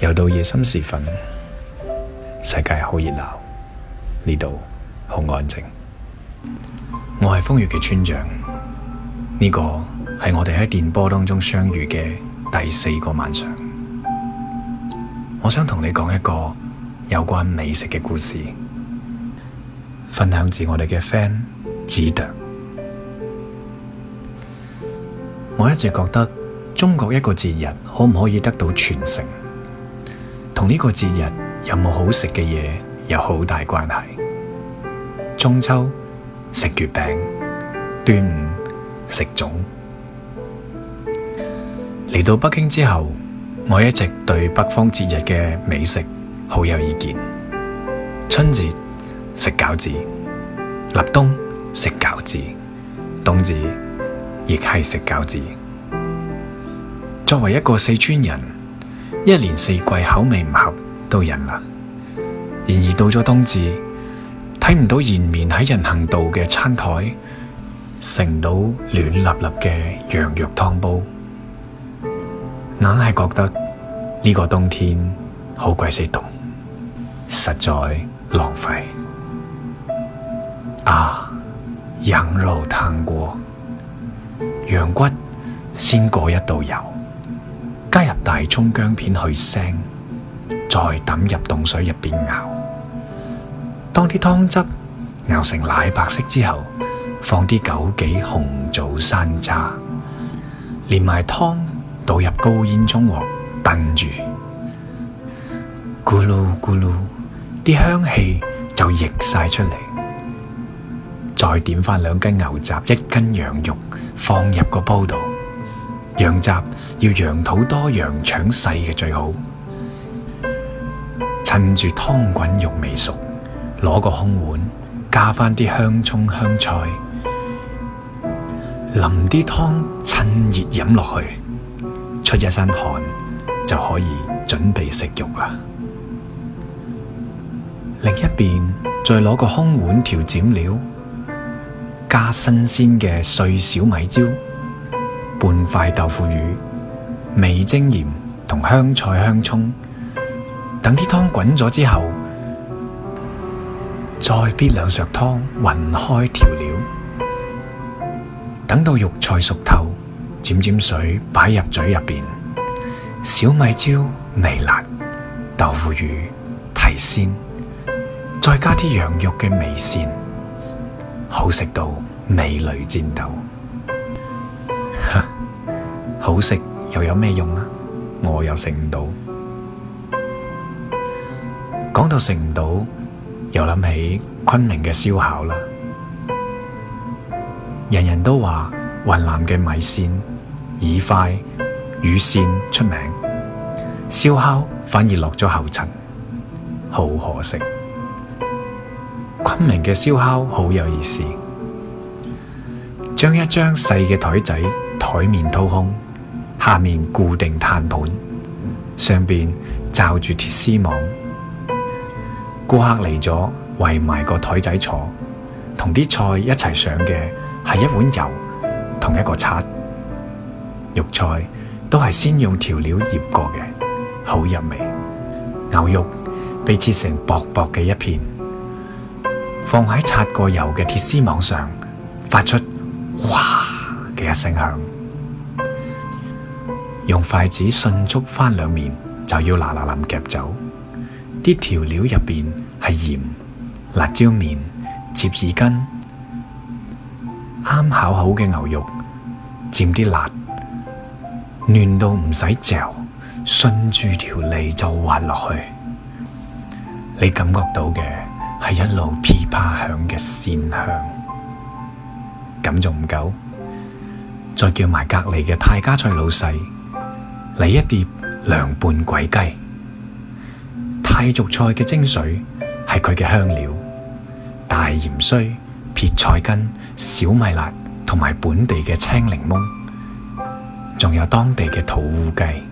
又到夜深時分，世界好熱鬧，呢度好安靜。我係瘋粵嘅村長，呢個係我哋喺電波當中相遇嘅第四個晚上。我想同你講一個有關美食嘅故事，分享自我哋嘅 friend 子琢。我一直覺得中國一個節日可唔可以得到傳承，同呢個節日有冇好食嘅嘢有好大關係。中秋食月餅，端午食粽。嚟到北京之後，我一直對北方節日嘅美食好有意見。春節食餃子，立冬食餃子，冬至亦係食餃子。作為一個四川人，一年四季口味唔合都忍啦，然而到咗冬至，睇唔到延綿喺人行道嘅餐台，食唔到暖笠笠嘅羊肉湯煲，硬係覺得呢、這個冬天好鬼死凍，實在浪費。啊，羊肉燙過，羊骨先過一道油。大蔥薑片去腥，再抌入凍水入邊熬。當啲湯汁熬成奶白色之後，放啲枸杞、紅棗、山楂，連埋湯倒入高煙中鑊燉住，咕嚕咕嚕，啲香氣就溢晒出嚟。再點返兩斤牛雜，一斤羊肉放入個煲度。羊雜要羊肚多、羊腸細嘅最好，趁住湯滾肉未熟，攞個空碗加返啲香蔥、香菜，淋啲湯，趁熱飲落去，出一身汗就可以準備食肉啦。另一邊再攞個空碗調蘸料，加新鮮嘅碎小米椒。半塊豆腐乳、味精、鹽同香菜、香蔥，等啲湯滾咗之後，再撇兩勺湯，勻開調料。等到肉菜熟透，沾沾水擺入嘴入邊。小米椒微辣，豆腐乳提鮮，再加啲羊肉嘅味鮮，好食到味蕾顫抖。好食又有咩用呢？我又食唔到。講到食唔到，又諗起昆明嘅燒烤啦。人人都話雲南嘅米線、餌塊、乳扇出名，燒烤反而落咗後塵，好可惜。昆明嘅燒烤好有意思，將一張細嘅台仔台面掏空。下面固定炭盤，上邊罩住鐵絲網。顧客嚟咗，圍埋個台仔坐，同啲菜一齊上嘅係一碗油同一個刷。肉菜都係先用調料醃過嘅，好入味。牛肉被切成薄薄嘅一片，放喺刷過油嘅鐵絲網上，發出嘩嘅一聲響。用筷子迅速翻兩面就要嗱嗱淋夾走。啲調料入邊係鹽、辣椒麵、折耳根，啱烤好嘅牛肉，沾啲辣，嫩到唔使嚼，順住條脷就滑落去。你感覺到嘅係一路噼啪響嘅鮮香，咁仲唔夠？再叫埋隔籬嘅泰家菜老細。嚟一碟涼拌鬼雞，泰族菜嘅精髓係佢嘅香料：大鹽鬚、撇菜根、小米辣同埋本地嘅青檸檬，仲有當地嘅土烏雞，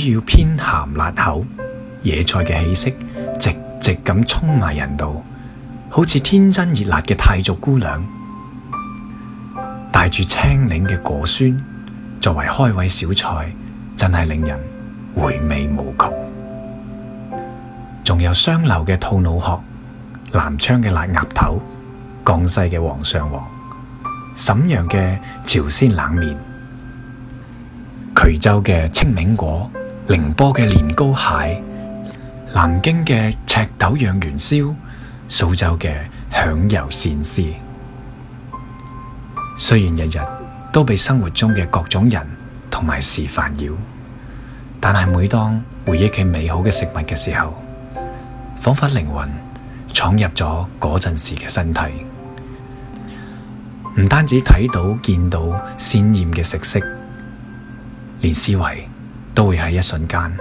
主要偏鹹辣口，野菜嘅氣息直直咁衝埋人度，好似天真熱辣嘅泰族姑娘，帶住青檸嘅果酸作為開胃小菜。真係令人回味無窮。仲有雙流嘅兔腦殼、南昌嘅辣鴨頭、江西嘅煌上煌、瀋陽嘅朝鮮冷麵、衢州嘅清明果、寧波嘅年糕蟹、南京嘅赤豆釀元宵、蘇州嘅響油鱔絲。雖然日日都被生活中嘅各種人，同埋事煩擾，但係每當回憶起美好嘅食物嘅時候，仿佛靈魂闖入咗嗰陣時嘅身體，唔單止睇到見到鮮豔嘅食色，連思維都會喺一瞬間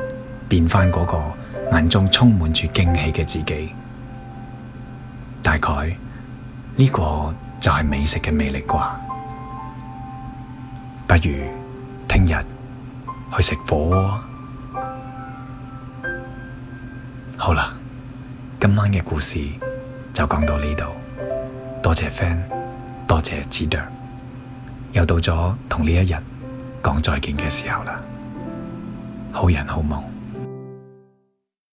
變翻嗰個眼中充滿住驚喜嘅自己。大概呢個就係美食嘅魅力啩？不如。聽日去食火鍋，哦。好啦，今晚嘅故事就講到呢度，多謝 friend，多謝子琢。又到咗同呢一日講再見嘅時候啦，好人好夢。